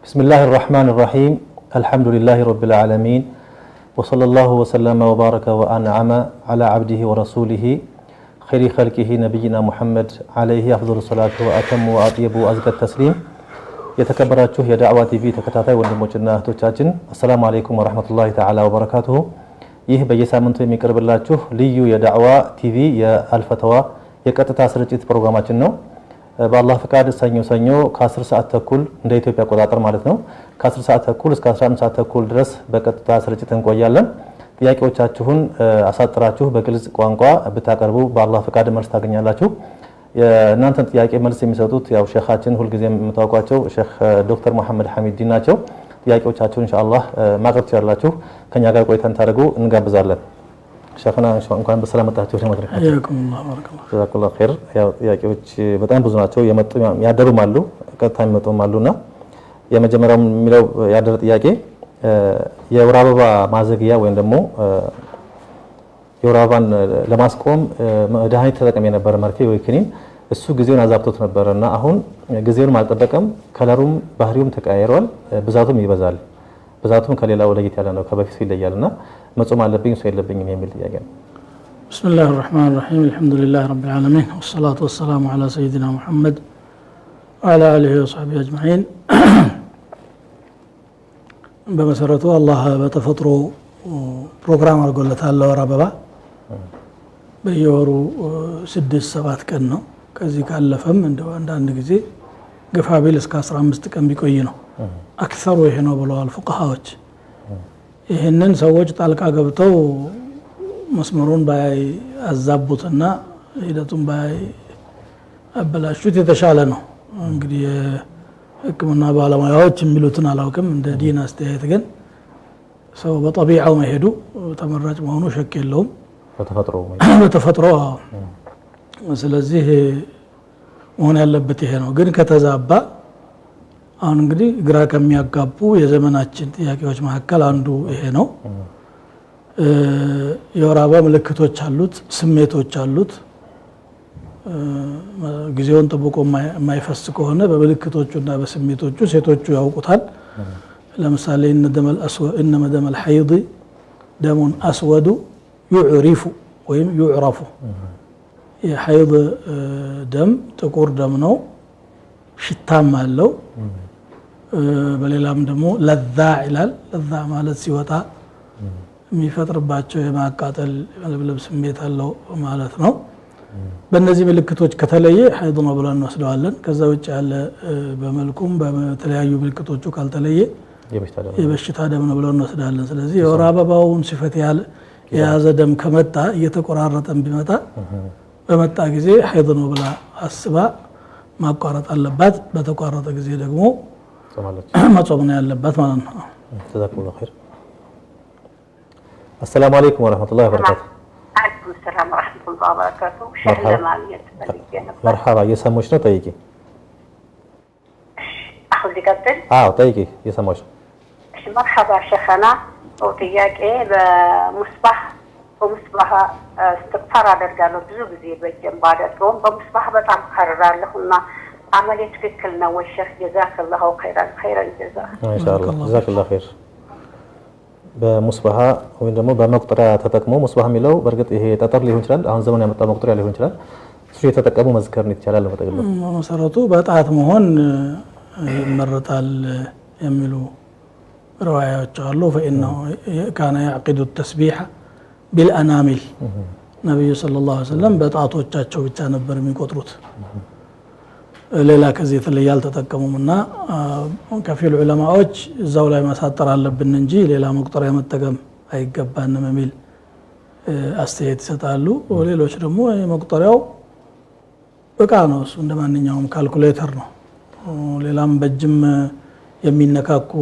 بسم الله الرحمن الرحيم الحمد لله رب العالمين وصلى الله وسلم وبارك وأنعم على عبده ورسوله خير خلقه نبينا محمد عليه أفضل الصلاة وأتم وأطيب وأزكى التسليم የተከበራችሁ የዳዕዋ ቲቪ ተከታታይ ወንድሞችና እህቶቻችን አሰላሙ አለይኩም ወረህመቱላሂ ተዓላ ወበረካቱሁ። ይህ በየሳምንቱ የሚቀርብላችሁ ልዩ የዳዕዋ ቲቪ የአልፈተዋ የቀጥታ ስርጭት ፕሮግራማችን ነው። በአላህ ፈቃድ ሰኞ ሰኞ ከ10 ሰዓት ተኩል እንደ ኢትዮጵያ አቆጣጠር ማለት ነው ከ10 ሰዓት ተኩል እስከ 11 ሰዓት ተኩል ድረስ በቀጥታ ስርጭት እንቆያለን። ጥያቄዎቻችሁን አሳጥራችሁ በግልጽ ቋንቋ ብታቀርቡ በአላህ ፈቃድ መልስ ታገኛላችሁ። የእናንተን ጥያቄ መልስ የሚሰጡት ያው ሼኻችን ሁልጊዜ የምታውቋቸው ሼክ ዶክተር መሐመድ ሐሚዲን ናቸው። ጥያቄዎቻችሁን ኢንሻአላህ ማቅረብ ትችላላችሁ። ከኛ ጋር ቆይታን ታደርጉ እንጋብዛለን። ሸክና እንኳን በሰላም መጣችሁ። ጀዛኩላ ኸይር። ያው ጥያቄዎች በጣም ብዙ ናቸው። የመጡ ያደሩም አሉ፣ ቀጥታ የሚመጡም አሉና የመጀመሪያው የሚለው ያደረ ጥያቄ የወር አበባ ማዘግያ ወይም ደግሞ የወር አበባን ለማስቆም መድኃኒት ተጠቅሜ የነበረ መርፌ ወይ ክኒን እሱ ጊዜውን አዛብቶት ነበረ እና አሁን ጊዜውንም አልጠበቀም። ከለሩም ባህሪውም ተቀያይሯል፣ ብዛቱም ይበዛል ብዛቱም ከሌላው ለየት ያለ ነው፣ ከበፊቱ ይለያል እና መጾም አለብኝ ሰው የለብኝም የሚል ጥያቄ ነው። ብስሚላህ ራህማን ራሒም አልሐምዱሊላህ ረቢል ዓለሚን ወሰላቱ ወሰላሙ ዓላ ሰይድና ሙሐመድ ወዓላ አሊሂ ወሰሕቢሂ አጅማዒን። በመሰረቱ አላህ በተፈጥሮ ፕሮግራም አድርጎለታል ለወር አበባ በየወሩ ስድስት ሰባት ቀን ነው። ከዚህ ካለፈም እንደው አንዳንድ ጊዜ ገፋ ቢል እስከ አስራ አምስት ቀን ቢቆይ ነው። አክሰሩ ይሄ ነው ብለዋል ፉቀሃዎች ይህንን ሰዎች ጣልቃ ገብተው መስመሩን ባይ አዛቡትና ሂደቱን ባይ አበላሹት የተሻለ ነው። እንግዲህ የሕክምና ባለሙያዎች የሚሉትን አላውቅም። እንደ ዲን አስተያየት ግን ሰው በጠቢዓው መሄዱ ተመራጭ መሆኑ ሸክ የለውም። በተፈጥሮ ስለዚህ መሆን ያለበት ይሄ ነው። ግን ከተዛባ አሁን እንግዲህ ግራ ከሚያጋቡ የዘመናችን ጥያቄዎች መካከል አንዱ ይሄ ነው። የወር አበባ ምልክቶች አሉት፣ ስሜቶች አሉት። ጊዜውን ጠብቆ የማይፈስ ከሆነ በምልክቶቹ እና በስሜቶቹ ሴቶቹ ያውቁታል። ለምሳሌ እነመ ደመል ሐይድ ደሙን አስወዱ ዩዕሪፉ ወይም ዩዕረፉ የሐይድ ደም ጥቁር ደም ነው፣ ሽታም አለው። በሌላም ደግሞ ለዛ ይላል። ለዛ ማለት ሲወጣ የሚፈጥርባቸው የማቃጠል የመለብለብ ስሜት አለው ማለት ነው። በእነዚህ ምልክቶች ከተለየ ሀይድ ነው ብለን እንወስደዋለን። ከዛ ውጭ ያለ በመልኩም በተለያዩ ምልክቶቹ ካልተለየ የበሽታ ደም ነው ብለን እንወስዳለን። ስለዚህ የወር አበባውን ሲፈት የያዘ ደም ከመጣ እየተቆራረጠን ቢመጣ በመጣ ጊዜ ሀይድ ነው ብላ አስባ ማቋረጥ አለባት። በተቋረጠ ጊዜ ደግሞ મચોબને લબ્બાતમાં الله خير السلام عليكم ورحمة الله وبركاته عليكم السلام ورحمة الله وبركاته مرحبا مرحبا يسمى شنو طيقي أخذ قبل آه طيقي يسمى شنو مرحبا شيخنا وطياك إيه بمصباح በምስባህ آه، على الرجال ብዙ ጊዜ በጀንባ بمصباح በምስባህ በጣም لهم عملية فكلنا والشيخ جزاك الله خيرا خيرا جزاك. ما شاء الله جزاك الله خير بمصباحا وين دمو بمقطرة تتكمو مصباحا ميلو برقت إيه تطر ليه انشلال عن زمن يمتع مقطرة ليه شو سوشي تتكمو مذكر نتشال لما تقلو مصراتو بات مرة إيه مرتال إيه يملو رواية تشالو فإنه كان يعقد التسبيح بالأنامل نبي صلى الله عليه وسلم بات عطو تشاتشو بيتا نبر من قطروت ሌላ ከዚህ የተለየ አልተጠቀሙም እና ከፊል ዑለማዎች እዛው ላይ ማሳጠር አለብን እንጂ ሌላ መቁጠሪያ መጠቀም አይገባንም የሚል አስተያየት ይሰጣሉ። ሌሎች ደግሞ መቁጠሪያው እቃ ነው፣ እሱ እንደ ማንኛውም ካልኩሌተር ነው። ሌላም በእጅም የሚነካኩ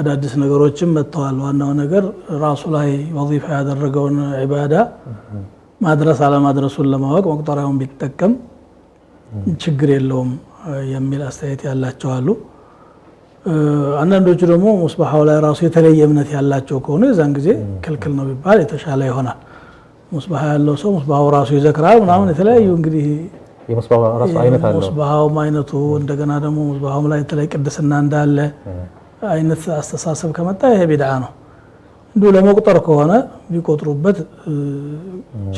አዳዲስ ነገሮችም መጥተዋል። ዋናው ነገር ራሱ ላይ ወዚፋ ያደረገውን ዒባዳ ማድረስ አለማድረሱን ለማወቅ መቁጠሪያውን ቢጠቀም ችግር የለውም የሚል አስተያየት ያላቸው አሉ። አንዳንዶቹ ደግሞ ሙስባሐው ላይ ራሱ የተለየ እምነት ያላቸው ከሆኑ የዛን ጊዜ ክልክል ነው ቢባል የተሻለ ይሆናል። ሙስባሐ ያለው ሰው ሙስባሐው ራሱ ይዘክራል ምናምን የተለያዩ እንግዲህ ሙስባሐውም አይነቱ እንደገና ደግሞ ሙስባሐውም ላይ የተለይ ቅድስና እንዳለ አይነት አስተሳሰብ ከመጣ ይሄ ቢድዓ ነው። እንዲሁ ለመቁጠር ከሆነ ቢቆጥሩበት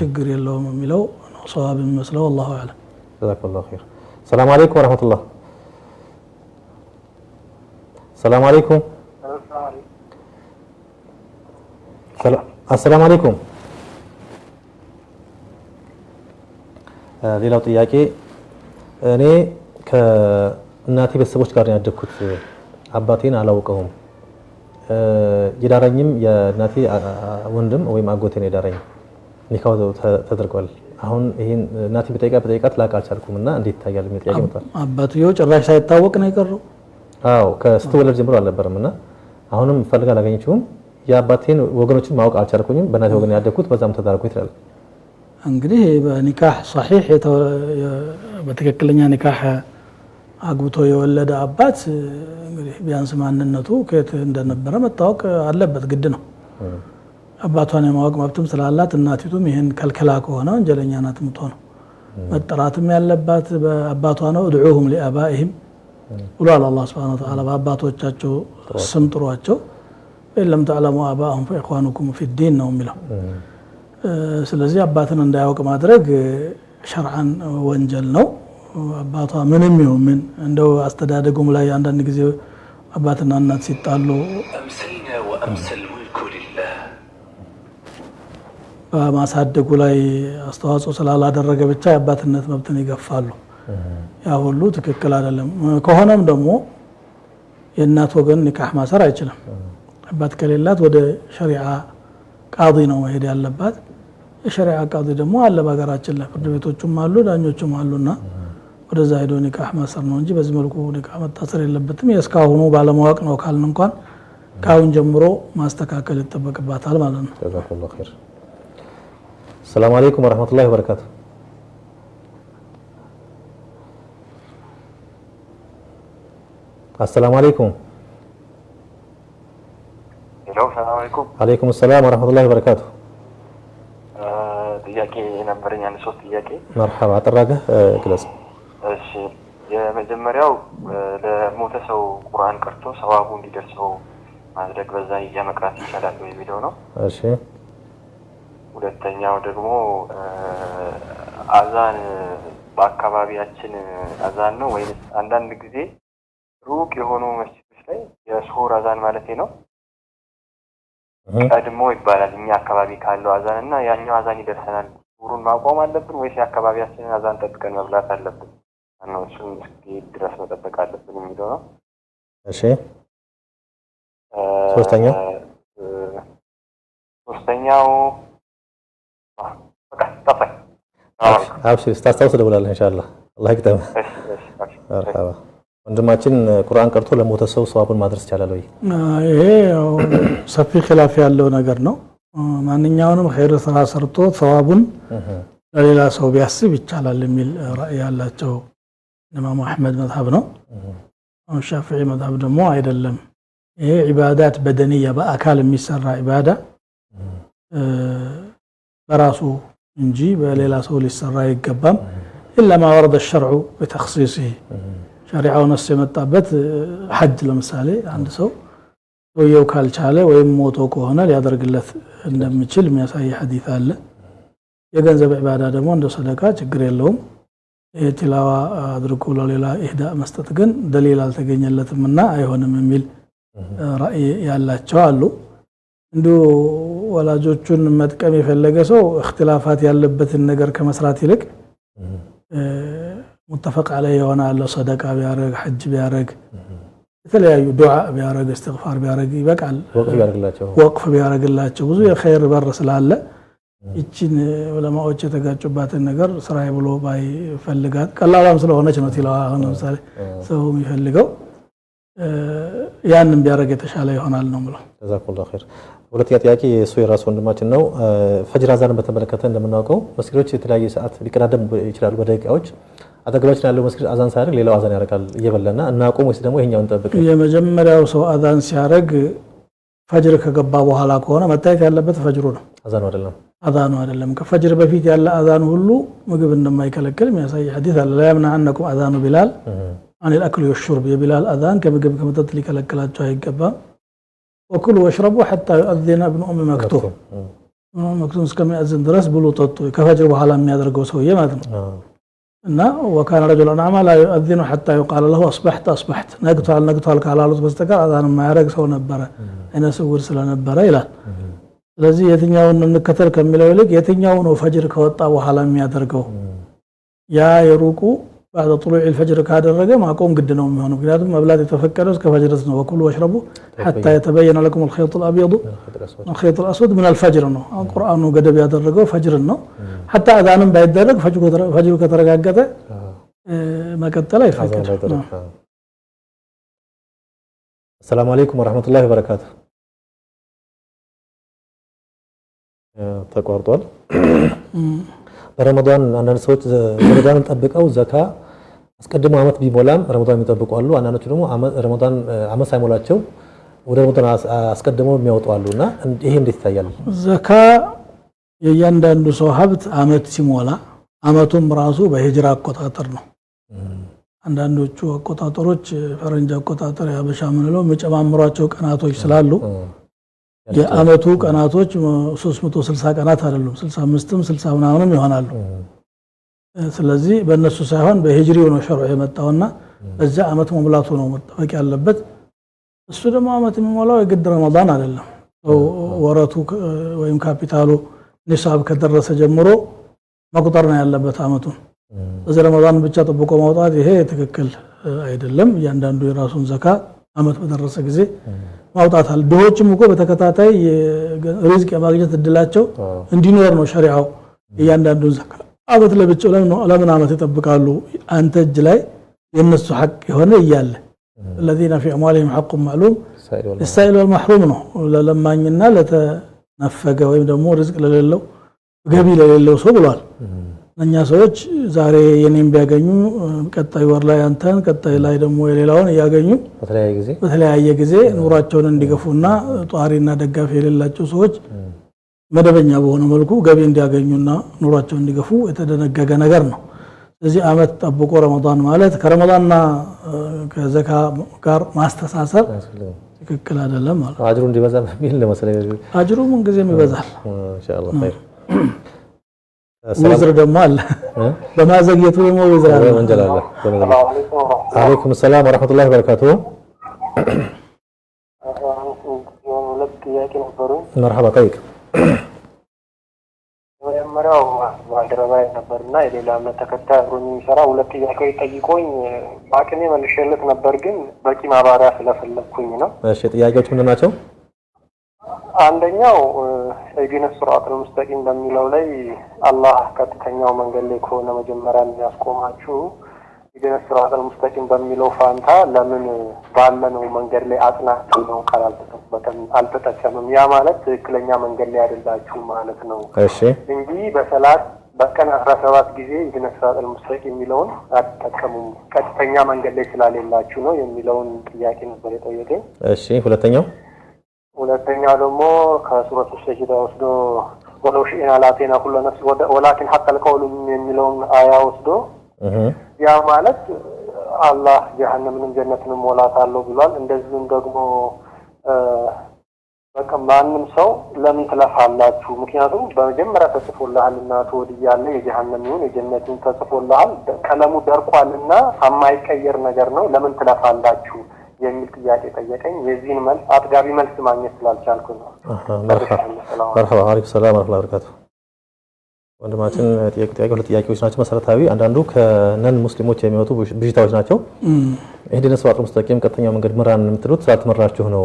ችግር የለውም የሚለው ሰዋብ የሚመስለው አላሁ አለም። ጀዛኩሙላሁ ኸይር። ሰላም አለይኩም ወረህመቱላህ። ሰላም አለይኩም አሰላም አለይኩም። ሌላው ጥያቄ እኔ ከእናቴ ቤተሰቦች ጋር ያደግኩት አባቴን አላውቀውም። የዳረኝም የእናቴ ወንድም ወይም አጎቴን የዳረኝ ኒካው ተደርጓል። አሁን ይህን እናቴ በጠይቃ በጠይቃት ላቅ አልቻልኩም እና እንዴት ይታያል የሚል ጥያቄ መጥቷል። አባትየው ጭራሽ ሳይታወቅ ነው የቀረው። አዎ ከስትወለድ ጀምሮ አልነበረም እና አሁንም ፈልጋ አላገኘችውም። የአባቴን ወገኖችን ማወቅ አልቻልኩኝም። በእናቴ ወገን ያደግኩት በዛም ተዳርኩ ትላለች። እንግዲህ በኒካህ ሰሒሕ በትክክለኛ ኒካህ አግብቶ የወለደ አባት እንግዲህ ቢያንስ ማንነቱ ከየት እንደነበረ መታወቅ አለበት፣ ግድ ነው። አባቷን የማወቅ መብትም ስላላት እናቲቱም ይህን ከልክላ ከሆነ ወንጀለኛ ናት ነው መጠራትም ያለባት በአባቷ ነው። እድዑሁም ሊአባኢህም ብሏል አላህ ሱብሓነሁ ወተዓላ በአባቶቻቸው ስም ጥሯቸው፣ ለም ተዕለሙ አባአሁም ፈኢኽዋኑኩም ፊዲን ነው የሚለው። ስለዚህ አባትን እንዳያውቅ ማድረግ ሸርዓን ወንጀል ነው። አባቷ ምንም ይሁን ምን እንደው አስተዳደጉም ላይ አንዳንድ ጊዜ አባትና እናት ሲጣሉ በማሳደጉ ላይ አስተዋጽኦ ስላላደረገ ብቻ የአባትነት መብትን ይገፋሉ። ያ ሁሉ ትክክል አይደለም። ከሆነም ደግሞ የእናት ወገን ኒካህ ማሰር አይችልም። አባት ከሌላት ወደ ሸሪዓ ቃዲ ነው መሄድ ያለባት። የሸሪዓ ቃዲ ደግሞ አለ በሀገራችን ላይ ፍርድ ቤቶቹም አሉ ዳኞቹም አሉና ወደዛ ሄዶ ኒካህ ማሰር ነው እንጂ በዚህ መልኩ ኒካህ መታሰር የለበትም። የእስካሁኑ ባለማወቅ ነው ካልን እንኳን ከአሁን ጀምሮ ማስተካከል ይጠበቅባታል ማለት ነው። السلام عليكم ورحمة الله وبركاته السلام عليكم الو السلام عليكم عليكم السلام ورحمة الله وبركاته ጥያቄ ነበረኝ አንድ ሶስት ጥያቄ መርሐባ አጠራገ ግለጽ እሺ የመጀመሪያው ለሞተ ሰው ቁርአን ቀርቶ ሰዋቡ እንዲደርሰው ማድረግ በዛ እያ መቅራት ይቻላል የሚለው ነው እሺ ሁለተኛው ደግሞ አዛን በአካባቢያችን አዛን ነው ወይም አንዳንድ ጊዜ ሩቅ የሆኑ መስጅዶች ላይ የስሁር አዛን ማለት ነው ቀድሞ ይባላል። እኛ አካባቢ ካለው አዛን እና ያኛው አዛን ይደርሰናል። ስሁሩን ማቆም አለብን ወይስ የአካባቢያችንን አዛን ጠብቀን መብላት አለብን? ነው እሱን እስኪሄድ ድረስ መጠበቅ አለብን የሚለው ነው። እሺ ሶስተኛው ሶስተኛው አብሽር ስታስታውስ እደውላለሁ። ኢንሻአላህ አላህ ይቅጠም። መርሐባ ወንድማችን ቁርአን ቀርቶ ለሞተ ሰው ሰዋቡን ማድረስ ይቻላል ወይ? ይሄ ያው ሰፊ ኺላፍ ያለው ነገር ነው። ማንኛውንም ኸይር ስራ ሰርቶ ሰዋቡን ለሌላ ሰው ቢያስብ ይቻላል የሚል ራእይ ያላቸው ኢማሙ አሕመድ መዝሀብ ነው። ሻፊዒ መዝሀብ ደግሞ አይደለም። ይሄ ዒባዳት በደንያ በአካል የሚሰራ ዒባዳ በራሱ እንጂ በሌላ ሰው ሊሰራ አይገባም። ኢለማ ወረደ ሸርዑ በተክሲስ ሸሪዓው ነስ የመጣበት ሐጅ ለምሳሌ አንድ ሰው ሰውየው ካልቻለ ወይም ሞቶ ከሆነ ሊያደርግለት እንደሚችል የሚያሳይ ሐዲት አለ። የገንዘብ ዒባዳ ደግሞ እንደ ሰደቃ ችግር የለውም። የቲላዋ አድርጎ ለሌላ ኢህዳ መስጠት ግን ደሊል አልተገኘለትምና አይሆንም የሚል ራእይ ያላቸው አሉ እንዲሁ ወላጆቹን መጥቀም የፈለገ ሰው እክትላፋት ያለበትን ነገር ከመስራት ይልቅ ሙተፈቅ አለ የሆነ አለ ሰደቃ ቢያረግ ሐጅ ቢያረግ የተለያዩ ዱዓ ቢያረግ እስትግፋር ቢያረግ ይበቃል። ወቅፍ ቢያረግላቸው ብዙ የኸይር በር ስላለ ይችን ዑለማዎች የተጋጩባትን ነገር ስራዬ ብሎ ባይፈልጋት ቀላሏም ስለሆነች ነው ቲላዋ። አሁን ለምሳሌ ሰው የሚፈልገው ያንን ቢያደረግ የተሻለ ይሆናል ነው ብለው ሁለተኛ ጥያቄ እሱ የራሱ ወንድማችን ነው። ፈጅር አዛን በተመለከተ እንደምናውቀው መስጊዶች የተለያየ ሰዓት ሊቀዳደም ይችላሉ በደቂቃዎች። አጠገባችን ያለው መስጊድ አዛን ሲያደርግ ሌላው አዛን ያደርጋል እየበላና እናቁም ወይስ ደግሞ ይሄኛውን እንጠብቅ? የመጀመሪያው ሰው አዛን ሲያደርግ ፈጅር ከገባ በኋላ ከሆነ መታየት ያለበት ፈጅሩ ነው፣ አዛኑ አይደለም። አዛኑ አይደለም። ከፈጅር በፊት ያለ አዛን ሁሉ ምግብ እንደማይከለክል የሚያሳይ ሐዲስ አለ። ላያምና አነኩም አዛኑ ቢላል አኒል አክል ወሹርብ የቢላል አዛን ከምግብ ከመጠጥ ሊከለክላቸው አይገባም። ወክሉ ወሽረቡ ሐታ ዩአዚነ እብኑ ኡም መክቱም እብኑ ኡም መክቱም እስከሚያዝን ድረስ ብሉ ጠጡ፣ ከፈጅር በኋላ የሚያደርገው ሰውዬ ማለት ነው። እና ወካነ ረጁለን አዕማ ላ ዩአዚኑ ሐታ ዩቃለ ለሁ አስበሕተ አስበሕት፣ ነግቷል ነግቷል ካላሉት በስተቀር አዛን የማያደርግ ሰው ነበረ፣ አይነ ስውር ስለነበረ ይላል። ስለዚህ የትኛውን እንከተል ከሚለው ይልቅ የትኛው ነው ፈጅር ከወጣ በኋላ የሚያደርገው ያ የሩቁ بعد طلوع الفجر كهذا الرقم اقوم قد نوم هون بقناتهم ابلادي تفكروا اسكى فجر وكلوا واشربوا طيب، حتى طيب. يتبين لكم الخيط الابيض الخيط الاسود من الفجر آه، القران قد بهذا الرقم فجر انه حتى اذان بعد ذلك فجر فجر قد آه. آه، ما قتل يفكر نعم. السلام عليكم ورحمه الله وبركاته رمضان أنا አንዳንድ رمضان ረመዷንን أو زكاة አስቀድሞ ዓመት ቢሞላም ረመዳን የሚጠብቁ አሉ። አንዳንዶቹ ደግሞ ረመዳን ዓመት ሳይሞላቸው ወደ ረመዳን አስቀድሞ የሚያወጡ አሉ እና ይሄ እንዴት ይታያል? ዘካ የእያንዳንዱ ሰው ሀብት ዓመት ሲሞላ ዓመቱም ራሱ በሂጅራ አቆጣጠር ነው። አንዳንዶቹ አቆጣጠሮች ፈረንጅ አቆጣጠር ያበሻ ምንለው የሚጨማምሯቸው ቀናቶች ስላሉ የዓመቱ ቀናቶች 360 ቀናት አይደሉም፣ 65ም 60 ምናምንም ይሆናሉ። ስለዚህ በእነሱ ሳይሆን በሂጅሪው ነው ሸርዑ የመጣውና በዚያ ዓመት መሙላቱ ነው መጠበቅ ያለበት። እሱ ደግሞ ዓመት የሚሞላው የግድ ረመዳን አይደለም። ወረቱ ወይም ካፒታሉ ኒሳብ ከደረሰ ጀምሮ መቁጠር ነው ያለበት ዓመቱን። ስለዚህ ረመዳን ብቻ ጠብቆ ማውጣት ይሄ ትክክል አይደለም። እያንዳንዱ የራሱን ዘካ ዓመት በደረሰ ጊዜ ማውጣታል። ድሆችም እኮ በተከታታይ ሪዝቅ የማግኘት እድላቸው እንዲኖር ነው ሸሪዓው እያንዳንዱን ዘካ አመት ለብቻው ለምን ለምን አመት ይጠብቃሉ? አንተ እጅ ላይ የነሱ ሐቅ የሆነ እያለ الذين في اموالهم حق معلوم للسائل والمحروم ነው። ለለማኝና ለተነፈገ ወይም ደግሞ ርዝቅ ለሌለው ገቢ ለሌለው ሰው ብሏል። እኛ ሰዎች ዛሬ የኔም ቢያገኙ ቀጣይ ወር ላይ አንተን፣ ቀጣይ ላይ ደግሞ የሌላውን እያገኙ በተለያየ ጊዜ ኑሯቸውን እንዲገፉና ጧሪና ደጋፊ የሌላቸው ሰዎች መደበኛ በሆነ መልኩ ገቢ እንዲያገኙና ኑሯቸው እንዲገፉ የተደነገገ ነገር ነው። እዚህ ዓመት ጠብቆ ረመዳን ማለት ከረመዳንና ከዘካ ጋር ማስተሳሰር ትክክል አይደለም ማለት አጅሩ እንዲበዛ በሚል አጅሩ ምን ጊዜም ይበዛል። ውዝር ደግሞ አለ። በማዘግየቱ ደግሞ ውዝር አለ። አለይኩም ሰላም ወራህመቱላሂ ወበረካቱ። መርሐባ ጠይቅ መጀመሪያው ባልደረባዬ ነበር እና የሌላ እምነት ተከታይ አብሮ የሚሰራ ሁለት ጥያቄዎች ጠይቆኝ በአቅሜ መልሼለት ነበር፣ ግን በቂ ማባሪያ ስለፈለግኩኝ ነው። እሺ ጥያቄዎች ምንድን ናቸው? አንደኛው ኢህዲነስ ሲራጠል ሙስተቂም በሚለው ላይ አላህ ቀጥተኛው መንገድ ላይ ከሆነ መጀመሪያ የሚያስቆማችሁ ኢዲነስ ስራተል ሙስተቂም በሚለው ፋንታ ለምን ባለነው መንገድ ላይ አጽናችሁ ነው ቃል አልተጠቀምም? ያ ማለት ትክክለኛ መንገድ ላይ አይደላችሁ ማለት ነው እሺ እንጂ በሰላት በቀን አስራ ሰባት ጊዜ ኢህዲነ ሲራጠል ሙስተቂም የሚለውን አትጠቀሙም ቀጥተኛ መንገድ ላይ ስላሌላችሁ ነው የሚለውን ጥያቄ ነበር የጠየቀኝ። እሺ፣ ሁለተኛው ሁለተኛው ደግሞ ከሱረቱ ሰጅዳ ወስዶ ወለው ሺእና ላቴና ኩለ ነፍስ ወላኪን ሐቀል ቀውል የሚለውን አያ ወስዶ ያ ማለት አላህ ጀሀነምንም ጀነትንም ሞላታለሁ ብሏል። እንደዚሁም ደግሞ በቃ ማንም ሰው ለምን ትለፋላችሁ? ምክንያቱም በመጀመሪያ ተጽፎልሃልና ትወድያለ የጀሀነሚውን የጀነትን ተጽፎልሃል። ቀለሙ ደርቋልና የማይቀየር ነገር ነው። ለምን ትለፋላችሁ የሚል ጥያቄ ጠየቀኝ። የዚህን መልስ አጥጋቢ መልስ ማግኘት ስላልቻልኩ ነው። መርሐባ አለይኩም ሰላም ረህመቱላሂ ወበረካቱህ ወንድማችን ጥያቄ ጥያቄ ሁለት ጥያቄዎች ናቸው መሰረታዊ። አንዳንዱ ከነን ሙስሊሞች የሚወጡ ብዥታዎች ናቸው። ይህን ስራጥ ሙስጠቂም ቀጥተኛ መንገድ ምራን የምትሉት ስላልተመራችሁ ነው።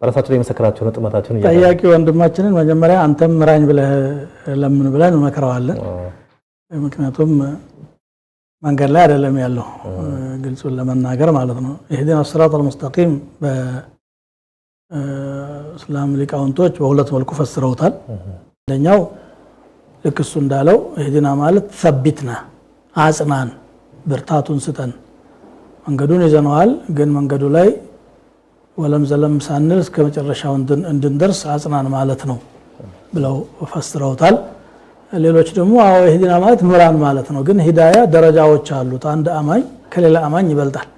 በራሳችሁ ላይ የመሰከራችሁን ጥመታችሁን ጠያቂ ወንድማችንን መጀመሪያ አንተም ምራኝ ብለህ ለምን ብለን መክረዋለን። ምክንያቱም መንገድ ላይ አይደለም ያለው ግልጹን ለመናገር ማለት ነው። ይህዲን ስራጥ አልሙስተቂም በእስላም ሊቃውንቶች በሁለት መልኩ ፈስረውታል። አንደኛው ልክ እሱ እንዳለው እህድና ማለት ሰቢትና አጽናን፣ ብርታቱን ስጠን። መንገዱን ይዘነዋል፣ ግን መንገዱ ላይ ወለም ዘለም ሳንል እስከ መጨረሻው እንድንደርስ አጽናን ማለት ነው ብለው ፈስረውታል። ሌሎች ደግሞ አዎ እህድና ማለት ምራን ማለት ነው። ግን ሂዳያ ደረጃዎች አሉት። አንድ አማኝ ከሌላ አማኝ ይበልጣል።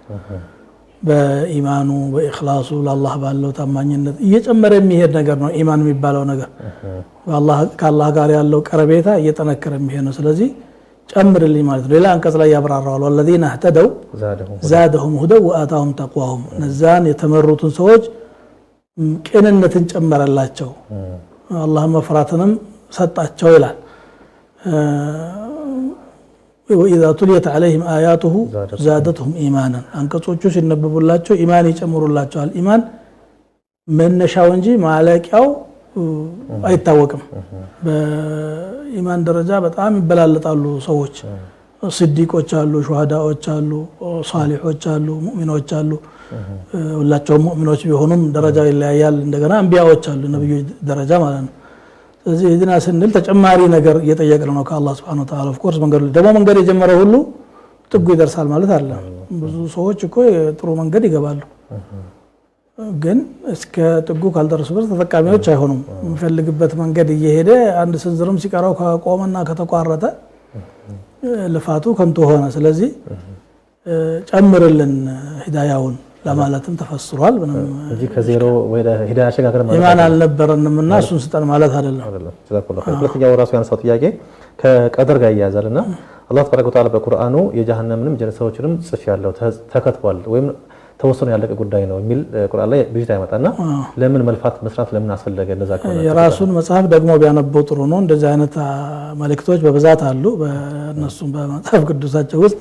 በኢማኑ በኢክላሱ ለአላህ ባለው ታማኝነት እየጨመረ የሚሄድ ነገር ነው። ኢማን የሚባለው ነገር ከአላህ ጋር ያለው ቀረቤታ እየጠነከረ የሚሄድ ነው። ስለዚህ ጨምርልኝ ማለት ነው። ሌላ አንቀጽ ላይ ያብራራዋል። ወለዚነ እህተደው ዛደሁም ሁደው ወአታሁም ተቋሁም እነዛን የተመሩትን ሰዎች ቅንነትን ጨመረላቸው፣ አላህ መፍራትንም ሰጣቸው ይላል። ወኢዛ ቱልየት ዓለይህም አያቱሁ ዛደትሁም ኢማናን አንቀጾቹ ሲነበቡላቸው ኢማን ይጨምሩላቸዋል። ኢማን መነሻው እንጂ ማለቂያው አይታወቅም። በኢማን ደረጃ በጣም ይበላለጣሉ ሰዎች። ስዲቆች አሉ፣ ሹሃዳዎች አሉ፣ ሳሊሖች አሉ፣ ሙእሚኖች አሉ። ሁላቸውም ሙእሚኖች ቢሆኑም ደረጃው ይለያያል። እንደገና አንቢያዎች አሉ፣ ነብዮች ደረጃ ማለት ነው። ስለዚህ እድና ስንል ተጨማሪ ነገር እየጠየቅን ነው ከአላህ ስብሐነ ወተዓላ። ኦፍኮርስ መንገዱ ደግሞ መንገድ የጀመረ ሁሉ ጥጉ ይደርሳል ማለት አለ። ብዙ ሰዎች እኮ ጥሩ መንገድ ይገባሉ፣ ግን እስከ ጥጉ ካልደረሱ በስ ተጠቃሚዎች አይሆኑም። የሚፈልግበት መንገድ እየሄደ አንድ ስንዝርም ሲቀረው ከቆመና ከተቋረጠ ልፋቱ ከንቱ ሆነ። ስለዚህ ጨምርልን ሂዳያውን ለማለትም ተፈስሯል። ምንም ከዜሮ ወደ ሂዳ ማለት ኢማን አልነበረንም እና እሱን ስጠን ማለት አይደለም። ሁለተኛው ራሱ ያነሳው ጥያቄ ከቀደር ጋር ይያያዛል እና አላህ ተባረከ ወተዓላ በቁርአኑ የጀሃነምንም ጀነሰዎችንም ጽፍ ያለው ተከትቧል ወይም ተወሰኑ ያለቀ ጉዳይ ነው የሚል ቁርአን ላይ ብዥታ ይመጣና ለምን መልፋት መስራት ለምን አስፈለገ? እንደዛ ከሆነ የራሱን መጽሐፍ ደግሞ ቢያነበው ጥሩ ነው። እንደዚህ አይነት መልእክቶች በብዛት አሉ በእነሱም በመጽሐፍ ቅዱሳቸው ውስጥ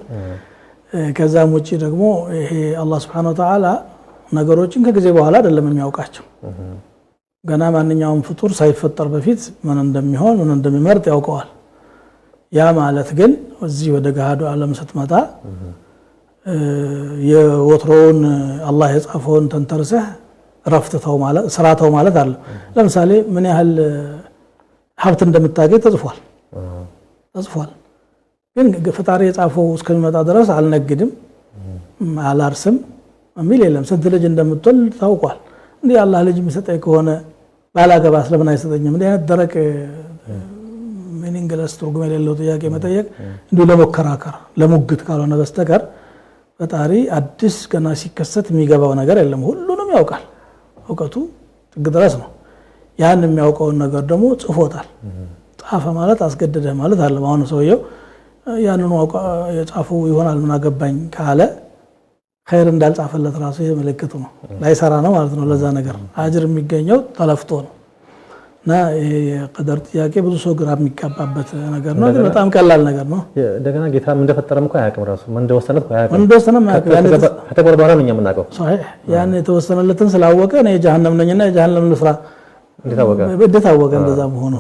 ከዛም ውጭ ደግሞ ይሄ አላህ ስብሐነ ወተዓላ ነገሮችን ከጊዜ በኋላ አይደለም የሚያውቃቸው። ገና ማንኛውም ፍጡር ሳይፈጠር በፊት ምን እንደሚሆን ምን እንደሚመርጥ ያውቀዋል። ያ ማለት ግን እዚህ ወደ ገሃዱ ዓለም ስትመጣ የወትሮውን አላህ የጻፈውን ተንተርሰህ ረፍትተው ማለት ስራተው ማለት አለ። ለምሳሌ ምን ያህል ሀብት እንደምታገኝ ተጽፏል ተጽፏል ግን ፈጣሪ የጻፈው እስከሚመጣ ድረስ አልነግድም፣ አላርስም የሚል የለም። ስንት ልጅ እንደምትወልድ ታውቋል። እንዲህ አላህ ልጅ የሚሰጠኝ ከሆነ ባላገባ ስለምን አይሰጠኝም? እንዲህ አይነት ደረቅ ሚኒንግለስ ትርጉም የሌለው ጥያቄ መጠየቅ እንዲሁ ለመከራከር ለሙግት ካልሆነ በስተቀር ፈጣሪ አዲስ ገና ሲከሰት የሚገባው ነገር የለም። ሁሉንም ያውቃል። እውቀቱ ጥግ ድረስ ነው። ያን የሚያውቀውን ነገር ደግሞ ጽፎታል። ጻፈ ማለት አስገደደ ማለት አለም አሁን ሰውየው ያንኑ የጻፉ ይሆናል ምን አገባኝ ካለ ኸይር እንዳልጻፈለት ራሱ ይሄ ምልክቱ ነው። ላይሰራ ነው ማለት ነው። ለዛ ነገር አጅር የሚገኘው ተለፍቶ ነው። እና የቀደር ጥያቄ ብዙ ሰው ግራ የሚጋባበት ነገር ነው። ግን በጣም ቀላል ነገር ነው። እንደገና ጌታ እንደፈጠረም እኮ አያውቅም። ራሱ እንደወሰነ ከተጎርባራ ነው የምናውቀው። ያን የተወሰነለትን ስላወቀ እኔ የጀሃነም ነኝና የጀሃነም ልስራ እንዴት አወቀ? እንደዛ መሆኑ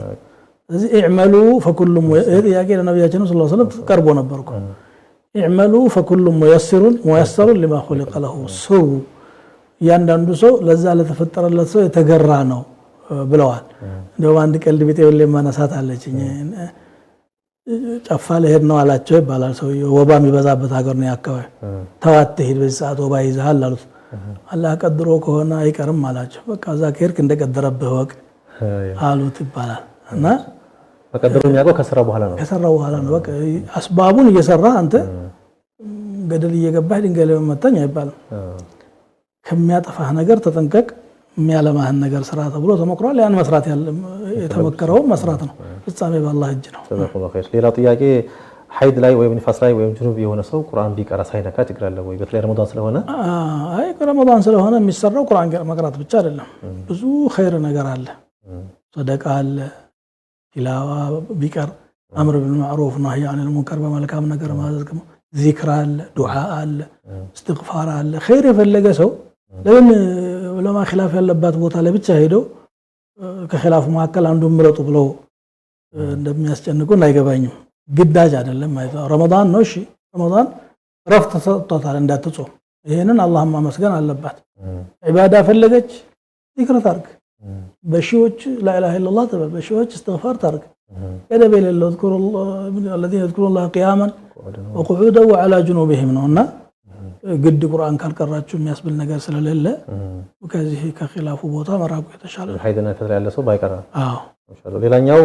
እዚህ ኢዕመሉ ፈኩሉም ጥያቄ ለነቢያችን ስ ስለም ቀርቦ ነበርኩ እኮ ኢዕመሉ ፈኩሉም ሙየስሩን ሙየሰሩን ሊማ ኹሊቀ ለሁ ስሩ እያንዳንዱ ሰው ለዛ ለተፈጠረለት ሰው የተገራ ነው ብለዋል። እንዲሁም አንድ ቀልድ ቢጤ ሁሌ ማነሳት አለችኝ። ጨፋ ልሄድ ነው አላቸው ይባላል። ሰውዬው ወባ የሚበዛበት ሀገር ነው አካባቢ። ተው አትሄድ፣ በዚህ ሰዓት ወባ ይዘሃል አሉት። አላህ ቀድሮ ከሆነ አይቀርም አላቸው። በቃ እዛ ከሄድክ እንደቀደረብህ ወቅ አሉት ይባላል እና መቀደሩ የሚያውቀው ከሰራ በኋላ ነው። ከሰራ በኋላ ነው። በቃ አስባቡን እየሰራ አንተ ገደል እየገባህ ድንጋይ ላይ መመታኝ አይባልም። ከሚያጠፋህ ነገር ተጠንቀቅ፣ የሚያለማህን ነገር ስራ ተብሎ ተመክሯል። ያን መስራት የተመከረውም መስራት ነው። ፍጻሜ በአላህ እጅ ነው። ሌላው ጥያቄ ሀይድ ላይ ወይም ንፋስ ላይ ወይም ጅኑብ የሆነ ሰው ቁርአን ቢቀራ ሳይነካ ችግር አለ ወይ? በተለይ ረመዳን ስለሆነ አይ ረመዳን ስለሆነ የሚሰራው ቁርአን መቅራት ብቻ አይደለም። ብዙ ኸይር ነገር አለ። ሰደቃ አለ ሂላዋ ቢቀር አምር ብልማዕሩፍ ናሂ አኒል ሙንከር በመልካም ነገር ማዘዝ ደግሞ ዚክር አለ፣ ዱዓ አለ፣ እስትግፋር አለ። ኸይር የፈለገ ሰው ለምን ዑለማ ኪላፍ ያለባት ቦታ ለብቻ ሄደው ከኪላፉ መካከል አንዱ ምረጡ ብለው እንደሚያስጨንቁን አይገባኝም። ግዳጅ አይደለም ማለት ነው። ረመዳን ነው። እሺ ረመዳን ረፍት ተሰጥቷታል እንዳትጾም። ይህንን አላህም ማመስገን አለባት። ዒባዳ ፈለገች ዚክር ታርግ በሺዎች ላኢላሃ ኢለላህ ተበል፣ በሺዎች እስትግፋር ታርግ። ገደብ የሌለው አለዚነ የዝኩሩነ ላህ ቂያመን ወቁዑደን ወዐላ ጅኑብሂም ነው እና ግድ ቁርአን ካልቀራችሁ የሚያስብል ነገር ስለሌለ ከዚህ ከኪላፉ ቦታ መራቁ የተሻለ ነው። ሀይድና ፈትር ያለ ሰው ባይቀራ። ሌላኛው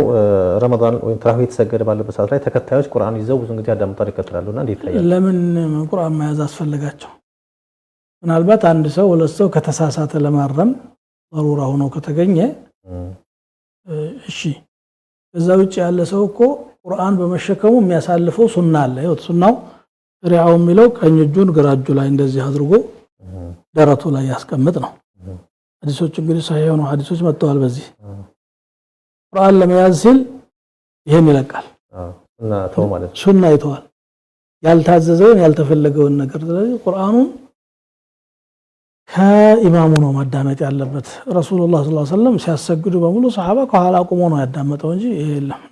ረመዳን ወይም ተራዊህ የተሰገደ ባለበት ሰዓት ላይ ተከታዮች ቁርአን ይዘው ብዙ ጊዜ አዳምጣ ይከትላሉ እና እንዴት ይታያል? ለምን ቁርአን መያዝ አስፈለጋቸው? ምናልባት አንድ ሰው ሁለት ሰው ከተሳሳተ ለማረም መሩራ ሆኖ ከተገኘ እሺ። ከዛ ውጭ ያለ ሰው እኮ ቁርአን በመሸከሙ የሚያሳልፈው ሱና አለ። ይኸው ሱናው ሪያው የሚለው ቀኝ እጁን ግራ እጁ ላይ እንደዚህ አድርጎ ደረቱ ላይ ያስቀምጥ ነው። ሐዲሶች እንግዲህ ሰሂህ የሆኑ ሀዲሶች መጥተዋል። በዚህ ቁርአን ለመያዝ ሲል ይህን ይለቃል፣ ሱና ይተዋል። ያልታዘዘውን ያልተፈለገውን ነገር ስለዚህ ቁርአኑን ከኢማሙ ነው ማዳመጥ ያለበት። ረሱሉላህ ስ ሰለም ሲያሰግዱ በሙሉ ሰሓባ ከኋላ ቁሞ ነው ያዳመጠው እንጂ ይሄ የለም።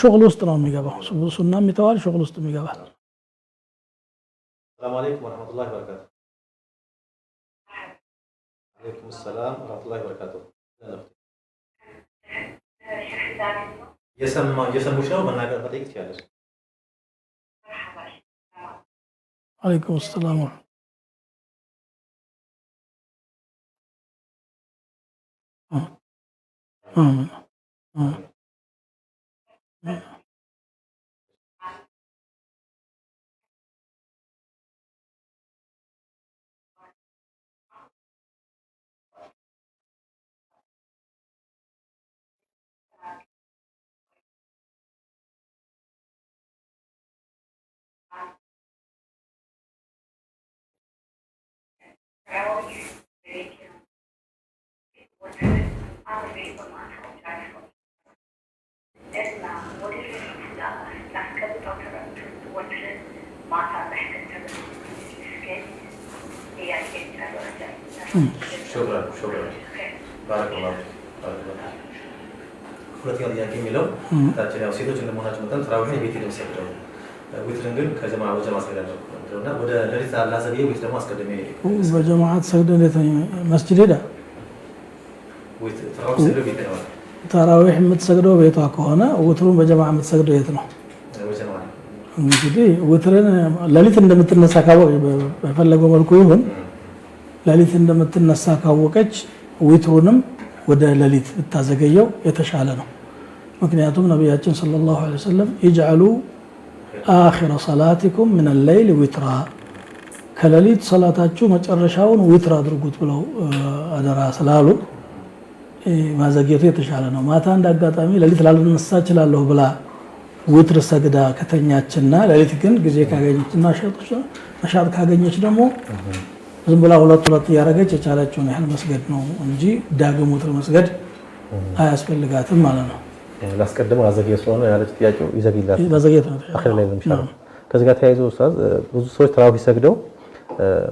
ሾቅል ውስጥ ነው የሚገባው። ሱና የሚተዋል ሾቅል ውስጥ የሚገባል። ሰላም አለይኩም ወረሕመቱላሂ በረካቱ። አለይኩም ሰላም ወረሕመቱላሂ በረካቱ። የሰሙሽ ነው መናገር መጠየቅ ትችላለች። ওয়ালাইকুম আসসালাম হুম হুম হুম হুম ሁለተኛው ጥያቄ የሚለው ታችን ያው ሴቶች እንደመሆናቸው መጠን ተራዊህ የቤት ልብስ ሰግደው ዊትርን ግን ከጀማ ወጀማ ሰግዳለሁ በጀማዓት ሰግደን መስጅድ ሄደ። ተራዊሕ የምትሰግደው ቤቷ ከሆነ ውትሩን በጀማዓ የምትሰግደው የት ነው? እንግዲህ ውትርን ሌሊት እንደምትነሳ ካወቀች በፈለገው መልኩ ይሁን ሌሊት እንደምትነሳ ካወቀች ዊትሩንም ወደ ሌሊት ብታዘገየው የተሻለ ነው። ምክንያቱም ነቢያችን ሰለላሁ ዐለይሂ ወሰለም ይጅዓሉ አኺረ ሰላቲኩም ምን ለይል ዊትራ ከሌሊት ሰላታችሁ መጨረሻውን ዊትር አድርጉት ብለው አደራ ስላሉ ማዘግየቱ የተሻለ ነው። ማታ እንደ አጋጣሚ ሌሊት ላልነሳ እችላለሁ ብላ ዊትር ሰግዳ ከተኛችና ሌሊት ግን ጊዜ ካገኘችና መሻጥ ካገኘች ደግሞ ዝም ብላ ሁለት ሁለት እያደረገች የቻለችውን ያህል መስገድ ነው እንጂ ዳግም ዊትር መስገድ አያስፈልጋትም ማለት ነው። ላስቀድመው አዘግየ ስለሆነ ያለች ጥያቄው ይዘግይላል። ላይ ነው። ከዚህ ጋር ተያይዞ ኡስታዝ ብዙ ሰዎች ተራዊህ ሰግደው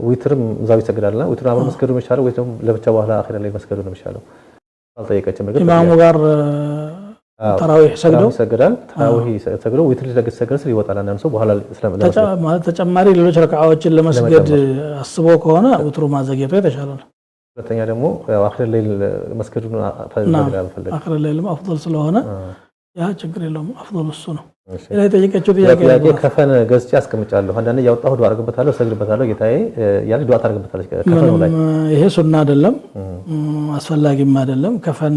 ዊትርም እዛው ይሰግዳልና ዊትር አብሮ መስገዱ ነው የሚሻለው ወይ ደግሞ ለብቻ በኋላ አኺር ላይ መስገዱ ነው የሚሻለው? አልጠየቀችም። ነገር ኢማሙ ጋር ተራዊህ ሰግደው ይሰግዳል። ተራዊህ ሰግደው ዊትር ሊሰግድ ስለ ይወጣል። አንዳንድ ሰው በኋላ ተጨማሪ ሌሎች ረክዓዎችን ለመስገድ አስቦ ከሆነ ዊትሩ ማዘግየቱ የተሻለ ነው። ሁለተኛ ደግሞ አክር ሌል መስገዱን አክር ሌልም አፍል ስለሆነ ያ ችግር የለውም። አፍል እሱ ነው። ሌላ የጠየቀችው ጥያቄ ከፈን ገዝቼ አስቀምጫለሁ፣ አንዳንድ እያወጣሁ ዱዓ አድርግበታለሁ፣ ሰግድበታለሁ፣ ጌታዬ እያለች ዱዓ ታደርግበታለች። ይሄ ሱና አይደለም፣ አስፈላጊም አይደለም። ከፈን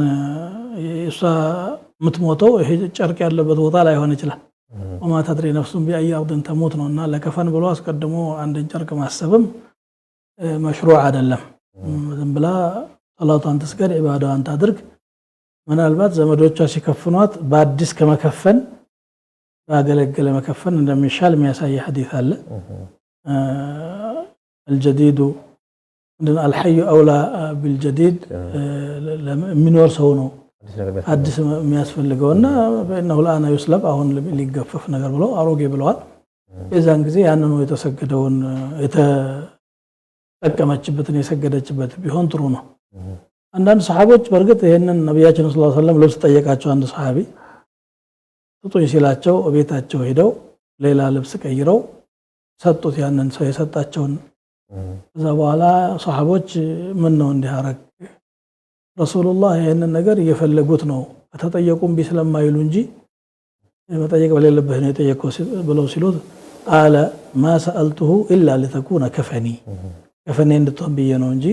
እሷ የምትሞተው ይሄ ጨርቅ ያለበት ቦታ ላይሆን ይችላል። ወማ ተድሪ ነፍሱን ቢአይ አርድን ተሞት ነው እና ለከፈን ብሎ አስቀድሞ አንድን ጨርቅ ማሰብም መሽሩዕ አይደለም። ዝም ብላ ሰላቷን ትስገድ፣ ዒባዳዋን ታድርግ። ምናልባት ዘመዶቿ ሲከፍኗት በአዲስ ከመከፈን ባገለገለ መከፈን እንደሚሻል የሚያሳይ ሐዲስ አለ። አልጀዲዱ አልሐዩ አውላ ቢልጀዲድ የሚኖር ሰው ነው አዲስ የሚያስፈልገው እና በእነሁ ለአና ዩስለብ አሁን ሊገፈፍ ነገር ብለው አሮጌ ብለዋል። የዛን ጊዜ ያንኑ የተሰገደውን ጠቀመችበትን የሰገደችበት ቢሆን ጥሩ ነው። አንዳንድ ሰሓቦች በእርግጥ ይህንን ነቢያችን ስ ሰለም ልብስ ጠየቃቸው። አንድ ሰሓቢ ስጡኝ ሲላቸው ቤታቸው ሄደው ሌላ ልብስ ቀይረው ሰጡት። ያንን ሰው የሰጣቸውን ከዛ በኋላ ሰሓቦች ምን ነው እንዲያረግ ረሱሉላህ ይህንን ነገር እየፈለጉት ነው ከተጠየቁ እምቢ ስለማይሉ እንጂ መጠየቅ በሌለብህ ነው የጠየቀው ብለው ሲሉት ቃለ ማ ሰአልትሁ ኢላ ሊተኩነ ከፈኒ ከፈኔ እንድትሆን ብዬ ነው እንጂ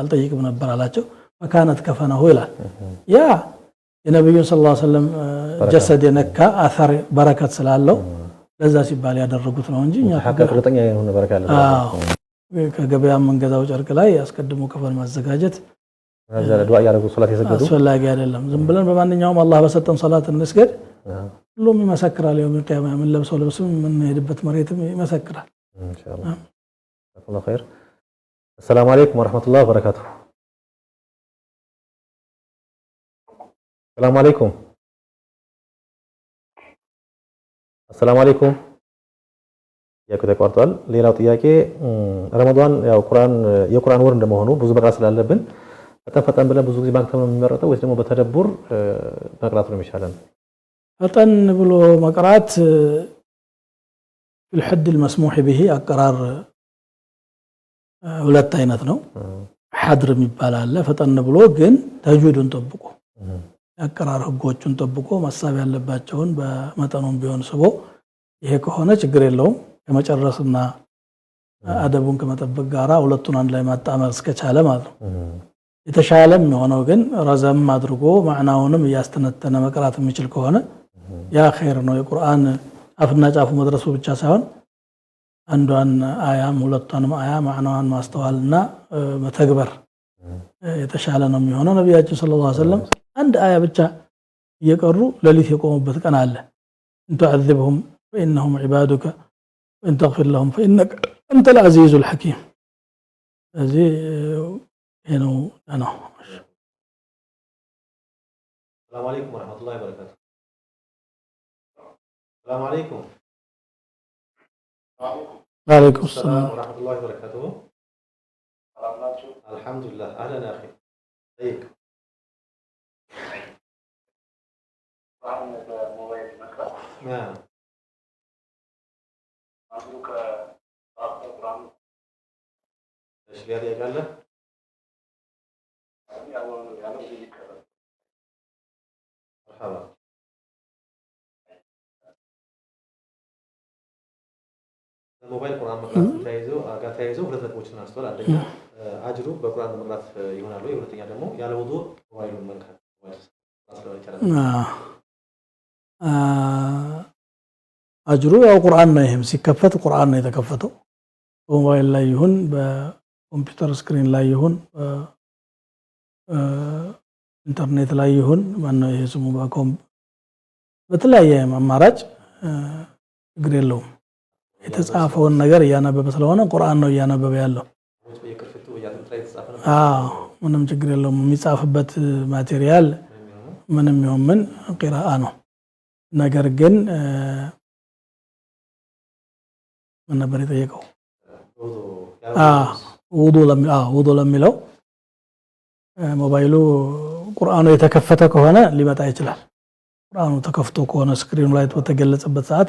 አልጠይቅም ነበር አላቸው። መካነት ከፈነሁ ይላል። ያ የነቢዩን ስ ላ ሰለም ጀሰድ የነካ አሰር በረከት ስላለው ለዛ ሲባል ያደረጉት ነው እንጂ ከገበያ መንገዛው ጨርቅ ላይ አስቀድሞ ከፈን ማዘጋጀት አስፈላጊ አይደለም። ዝም ብለን በማንኛውም አላህ በሰጠን ሰላት እንስገድ። ሁሉም ይመሰክራል። የውመል ቅያማ የምንለብሰው ልብስም የምንሄድበት መሬትም ይመሰክራል። السلام عليكم ورحمة الله وبركاته السلام عليكم السلام عليكم يا كده كورتال ليلا وطياكي رمضان يا قرآن يا قرآن ورد ما هنو بزوج بقراص الله بن أتن فتن بلا بزوج زي ما كتبنا من مرة تويس نمو بتربور آه، بقراص مش حالا أتن بلو مقرات آه، الحد المسموح به أقرار ሁለት አይነት ነው። ሐድር የሚባል አለ፣ ፈጠን ብሎ ግን ተጁዱን ጠብቆ የአቀራር ህጎቹን ጠብቆ ማሳብ ያለባቸውን በመጠኑም ቢሆን ስቦ፣ ይሄ ከሆነ ችግር የለውም። ከመጨረስና አደቡን ከመጠበቅ ጋር ሁለቱን አንድ ላይ ማጣመር እስከቻለ ማለት ነው። የተሻለም የሆነው ግን ረዘም አድርጎ ማዕናውንም እያስተነተነ መቅራት የሚችል ከሆነ ያ ኸይር ነው። የቁርአን አፍና ጫፉ መድረሱ ብቻ ሳይሆን አንዷን አያም ሁለቷንም አያ ማዕናዋን ማስተዋልና መተግበር የተሻለ ነው የሚሆነው። ነቢያችን ሰለላሁ ዐለይሂ ወሰለም አንድ አያ ብቻ እየቀሩ ሌሊት የቆሙበት ቀን አለ። እንቱዓዚብሁም ፈኢነሁም ዒባዱከ ወኢን ተግፊር ለሁም ፈኢነከ አንተል ዐዚዙል ሐኪም። ስለዚህ ይሄ ነው ነው። ሰላም አለይኩም ወረሕመቱላሂ ወበረካቱህ። ሰላም አለይኩም وعليكم السلام, ورحمة الله وبركاته الحمد لله أهلا أخي ازيك طيب. نعم ايش قال قال له؟ مرحبا ሞባይል ቁርአን መቅራት ተያይዞ ጋር ተያይዘው ሁለት ነጥቦች አንስተዋል። አንደኛ አጅሩ በቁርአን መቅራት ይሆናሉ። ሁለተኛ ደግሞ ያለ ውዱ ሞባይሉን መንካት አጅሩ ያው ቁርአን ነው። ይህም ሲከፈት ቁርአን ነው የተከፈተው። በሞባይል ላይ ይሁን በኮምፒውተር ስክሪን ላይ ይሁን ኢንተርኔት ላይ ይሁን ማነው ይሄ ስሙ በተለያየ አማራጭ ችግር የለውም። የተጻፈውን ነገር እያነበበ ስለሆነ ቁርአን ነው እያነበበ ያለው። አዎ ምንም ችግር የለውም። የሚጻፍበት ማቴሪያል ምንም ይሁን ምን ቂራአ ነው። ነገር ግን ምን ነበር የጠየቀው? ውዱ ለሚለው ሞባይሉ ቁርአኑ የተከፈተ ከሆነ ሊመጣ ይችላል። ቁርአኑ ተከፍቶ ከሆነ ስክሪኑ ላይ በተገለጸበት ሰዓት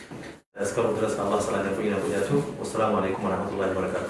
እስካሁን ድረስ አላህ ስላደረጉኝ ነው። ወሰላሙ አለይኩም ወረህመቱላሂ